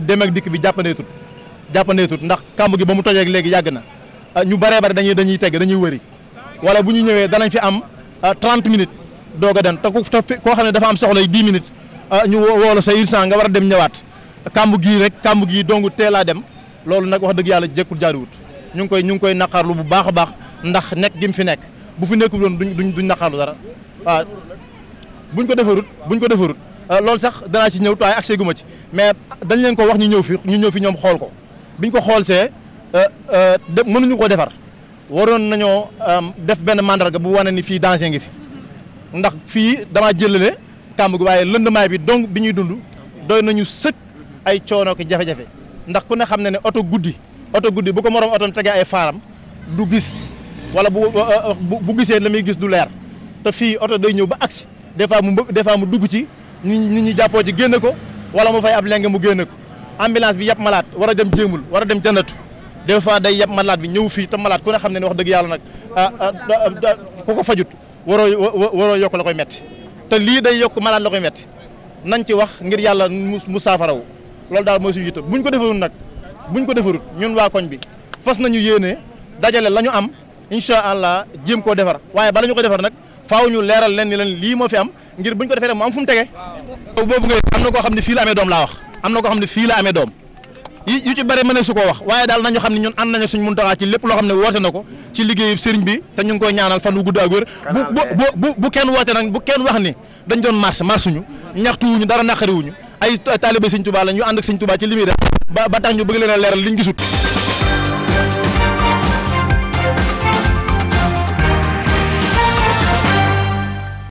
dem ak dikk bi jàppandeetut jàppandeetut ndax kàmb gi ba mu tojee ak léegi yàgg na ah, ñu bare bari dañuy dañuy tegg dañuy wëri wala bu ñu ñëwee danañ fi am 30 ah, minutes doog a dem te ku koo xam ne dafa am soxla yi 10 minutes ah, ñu woolu sa urgent nga war a dem ñëwaat kàmb gii rek kàmb gii dong teelaa dem loolu nag wax dëgg yàlla jekkul jaaduwut ñu ngi koy ñu ngi koy naqarlu bu baax a baax ndax nekk gi mu fi nekk bu fi nekkul woon duñ duñ naqarlu dara waaw buñ ko defarut buñ ko defarut Euh, loolu sax danaa ci ñëw taay accès gu ma ci mais dañ leen ko wax ñu ñëw fi ñu ñëw fi ñoom xool ko biñ ko xool see euh, euh, de mënuñu ko defar waroon nañoo def benn mandarga bu wane ni fii danger ngi fi ndax fii damaa jëlale kàmb gi waaye lëndamaay bi donc bi ñuy dund doy nañu sëkk ay coono ki jafe-jafe ndax ku ne xam ne ne oto guddi oto guddi bu ko moroom otom tegee ay faaram du gis wala bu bu gisee la muy gis du leer te fii oto day ñëw ba agsi des fois mu des fois mu dugg ci nit ñi ñi jàppoo ci génn ko wala moo fay ab lenge mu génn ko ambulance bi yàpp malade war a dem jéemul war a dem jëndatu des fois day yàpp malaat bi ñëw fii te malaat ko ne xam ne ne wax dëgg yàlla nag ah, ah, ah ko fajut waroo yokk la metti te lii day yokk malade la metti nañ ci wax ngir yàlla mu saafarawu loolu daal mooy suñu yitte buñ ko defarul nag buñ ko defarut ñun waa koñ bi fas nañu yéene dajale la ñu am incha allah jéem koo defar waaye bala ñu ko defar nag faaw ñu leeral leen ni leen lii moo fi am ngir buñ ko defee rek mu am fu mu tege boobu ngay am na koo xam ne fii la amee doom laa wax am na koo xam ne fii la amee doom yu ci bëri mëne su koo wax waaye daal nañu xam ne ñun ànd nañu suñ Muntaxa ci lépp loo xam ne woote na ko ci liggéeyu sëriñ bi te ñu ngi koy ñaanal fan wu gudd ak wér bu bu bu kenn woote nag bu kenn wax ni dañ doon marche marche ñu wuñu dara naqari wuñu ay taalibe sëñ Tuubaa la ñu ànd ak sëñ Tuubaa ci li muy ba tax ñu bëgg a leeral liñ